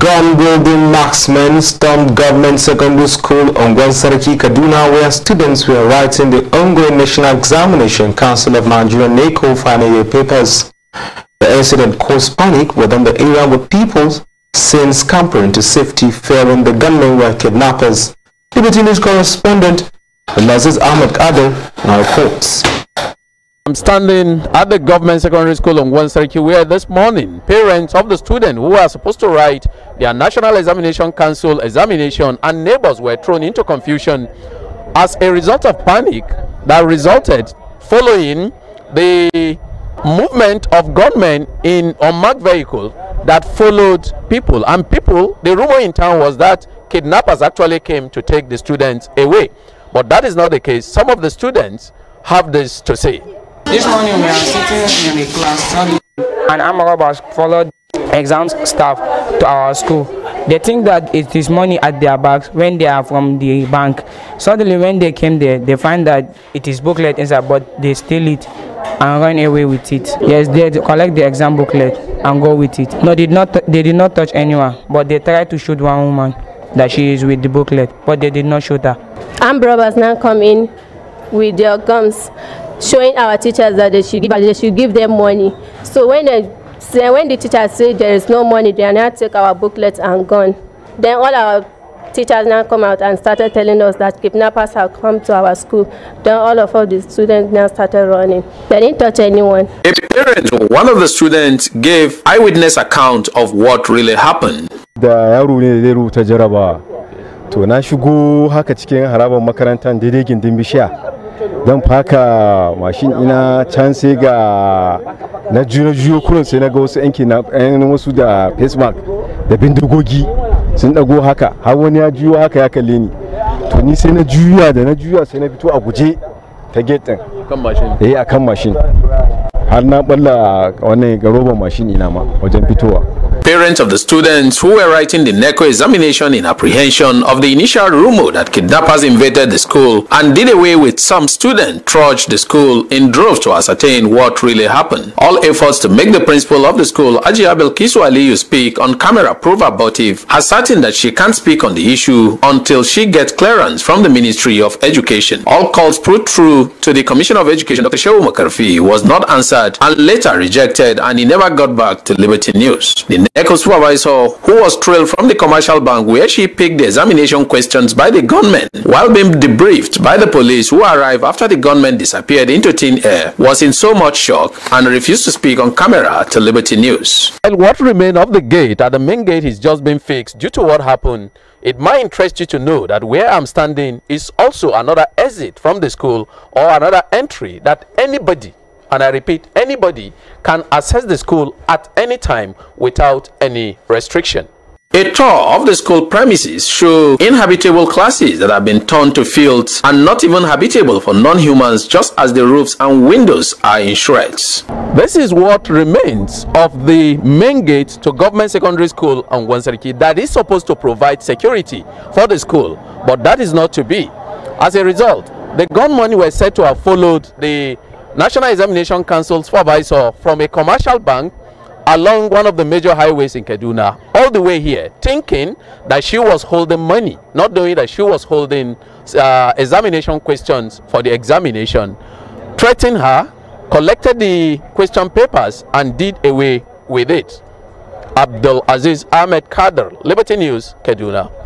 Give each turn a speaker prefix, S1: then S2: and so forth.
S1: gun-wielding marksmen stormed government secondary school on Gwansaraki, Kaduna, where students were writing the ongoing National Examination Council of Nigeria NACO final year papers. The incident caused panic within the area with people since scampering to safety, fearing the gunmen were kidnappers. Liberty News correspondent Lazis Ahmed Adel now reports. I'm standing at the government secondary school on One Circuit where this morning parents of the student who are supposed to write their National Examination Council examination and neighbors were thrown into confusion as a result of panic that resulted following the movement of gunmen in unmarked vehicle that followed people and people the rumor in town was that kidnappers actually came to take the students away but that is not the case some of the students have this to say
S2: this morning we are sitting in a class studying and has followed exam staff to our school. They think that it is money at their backs when they are from the bank. Suddenly when they came there, they find that it is booklet inside but they steal it and run away with it. Yes, they collect the exam booklet and go with it. No, they did not, they did not touch anyone, but they tried to shoot one woman that she is with the booklet, but they did not shoot her. Armed robbers now come in with their guns showing our teachers that they should give, they should give them money. So when, they, when the teachers say there is no money, they are now take our booklets and gone. Then all our teachers now come out and started telling us that kidnappers have come to our school. Then all of all the students now started running. They didn't touch anyone.
S1: A parent, one of the students, gave eyewitness account of what really happened.
S2: The ne To na shigo haka cikin harabar makarantar daidai gindin bishiya. zan faka mashin ina can sai ga na jiro juyo kurin sai na ga wasu yanki na wasu da face mark da bindigogi sun dago haka har wani ya juyo haka ya kalle ni to ni sai na juya da na juya sai na fito a guje ta gate din eh akan mashin har na balla wani ina ma wajen fitowa
S1: Parents of the students who were writing the NECO examination in apprehension of the initial rumor that kidnappers invaded the school and did away with some students trudged the school in droves to ascertain what really happened. All efforts to make the principal of the school, Aji Abel Kiswaliyu, speak on camera prove abortive, asserting that she can't speak on the issue until she gets clearance from the Ministry of Education. All calls put through to the Commissioner of Education, Dr. Shehu Makarfi, was not answered and later rejected and he never got back to Liberty News. The NECO supervisor, who was trailed from the commercial bank where she picked the examination questions by the gunmen while being debriefed by the police who arrived after the gunmen disappeared into thin air, was in so much shock and refused to speak on camera to Liberty News. And what remained of the gate at the main gate is just been fixed due to what happened it might interest you to know that where I'm standing is also another exit from the school or another entry that anybody and I repeat, anybody can access the school at any time without any restriction. A tour of the school premises show inhabitable classes that have been turned to fields and not even habitable for non-humans just as the roofs and windows are in shreds. This is what remains of the main gate to government secondary school on Wansariki that is supposed to provide security for the school, but that is not to be. As a result, the gunmen were said to have followed the National Examination Council supervisor from a commercial bank along one of the major highways in Kaduna all the way here thinking that she was holding money not knowing that she was holding uh, examination questions for the examination threatened her collected the question papers and did away with it Abdul Aziz Ahmed Kader Liberty News Kaduna